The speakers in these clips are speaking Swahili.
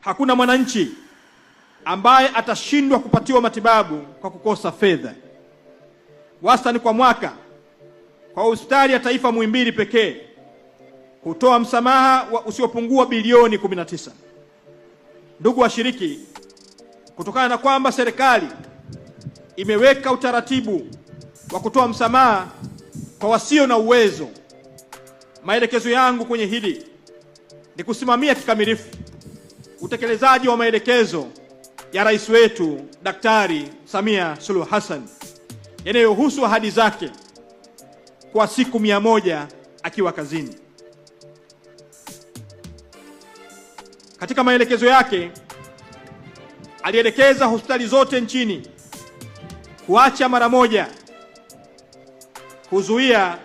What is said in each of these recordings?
Hakuna mwananchi ambaye atashindwa kupatiwa matibabu kwa kukosa fedha. Wastani kwa mwaka kwa hospitali ya taifa Muhimbili pekee hutoa msamaha wa usiopungua bilioni 19. Ndugu washiriki, kutokana na kwamba serikali imeweka utaratibu wa kutoa msamaha kwa wasio na uwezo, maelekezo yangu kwenye hili ni kusimamia kikamilifu utekelezaji wa maelekezo ya rais wetu Daktari Samia Suluhu Hassan yanayohusu ahadi zake kwa siku mia moja akiwa kazini. Katika maelekezo yake alielekeza hospitali zote nchini kuacha mara moja kuzuia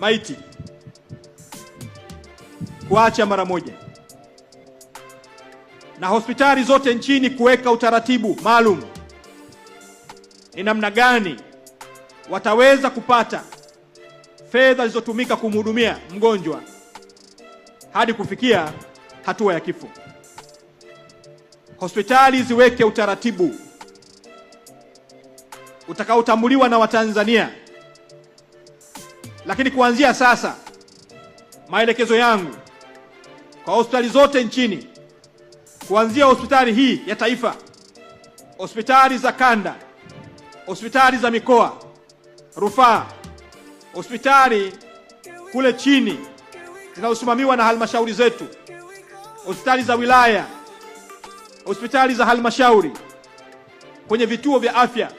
maiti, kuacha mara moja na hospitali zote nchini kuweka utaratibu maalum ni namna gani wataweza kupata fedha zilizotumika kumhudumia mgonjwa hadi kufikia hatua ya kifo. Hospitali ziweke utaratibu utakaotambuliwa na Watanzania. Lakini kuanzia sasa, maelekezo yangu kwa hospitali zote nchini kuanzia hospitali hii ya taifa, hospitali za kanda, hospitali za mikoa, rufaa, hospitali kule chini zinazosimamiwa na halmashauri zetu, hospitali za wilaya, hospitali za halmashauri, kwenye vituo vya afya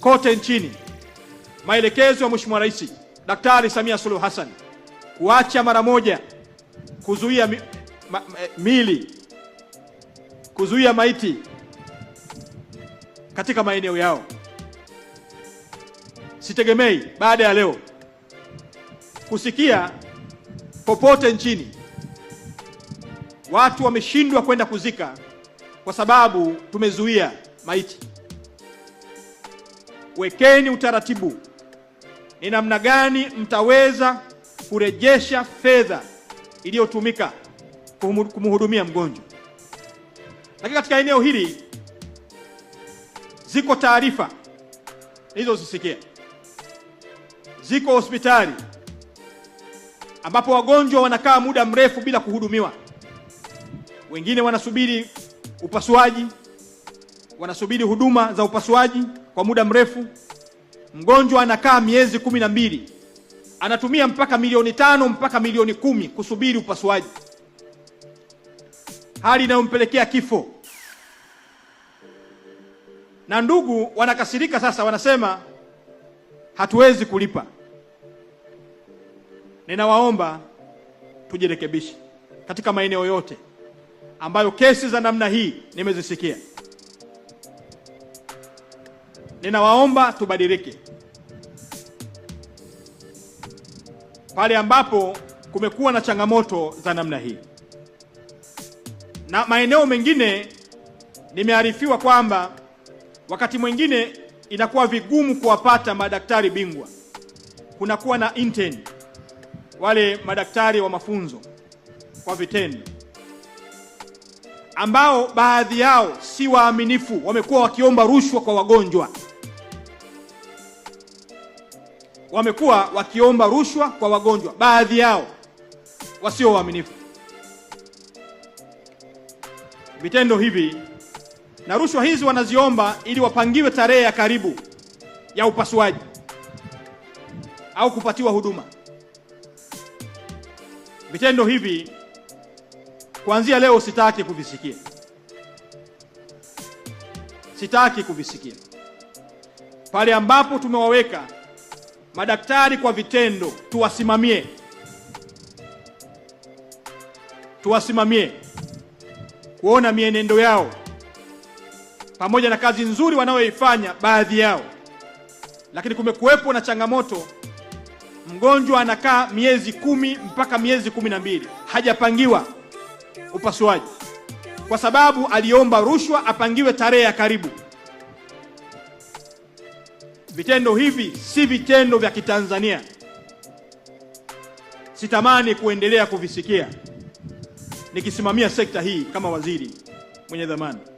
kote nchini, maelekezo ya Mheshimiwa Rais Daktari Samia Suluhu Hassan kuacha mara moja kuzuia mi, ma, ma, mili kuzuia maiti katika maeneo yao. Sitegemei baada ya leo kusikia popote nchini watu wameshindwa kwenda kuzika kwa sababu tumezuia maiti. Wekeni utaratibu ni namna gani mtaweza kurejesha fedha iliyotumika kumhudumia mgonjwa. Lakini katika eneo hili ziko taarifa nilizozisikia, ziko hospitali ambapo wagonjwa wanakaa muda mrefu bila kuhudumiwa, wengine wanasubiri upasuaji, wanasubiri huduma za upasuaji kwa muda mrefu. Mgonjwa anakaa miezi kumi na mbili, anatumia mpaka milioni tano mpaka milioni kumi kusubiri upasuaji hali inayompelekea kifo. Na ndugu wanakasirika sasa, wanasema hatuwezi kulipa. Ninawaomba tujirekebishe katika maeneo yote ambayo kesi za namna hii nimezisikia. Ninawaomba tubadilike. Pale ambapo kumekuwa na changamoto za namna hii na maeneo mengine nimearifiwa kwamba wakati mwingine inakuwa vigumu kuwapata madaktari bingwa, kunakuwa na intern, wale madaktari wa mafunzo kwa vitendo, ambao baadhi yao si waaminifu, wamekuwa wakiomba rushwa kwa wagonjwa, wamekuwa wakiomba rushwa kwa wagonjwa, baadhi yao wasio waaminifu vitendo hivi na rushwa hizi wanaziomba ili wapangiwe tarehe ya karibu ya upasuaji au kupatiwa huduma. Vitendo hivi kuanzia leo sitaki kuvisikia, sitaki kuvisikia. Pale ambapo tumewaweka madaktari kwa vitendo, tuwasimamie, tuwasimamie kuona mienendo yao pamoja na kazi nzuri wanayoifanya baadhi yao, lakini kumekuwepo na changamoto. Mgonjwa anakaa miezi kumi mpaka miezi kumi na mbili hajapangiwa upasuaji kwa sababu aliomba rushwa apangiwe tarehe ya karibu. Vitendo hivi si vitendo vya Kitanzania, sitamani kuendelea kuvisikia nikisimamia sekta hii kama waziri mwenye dhamana.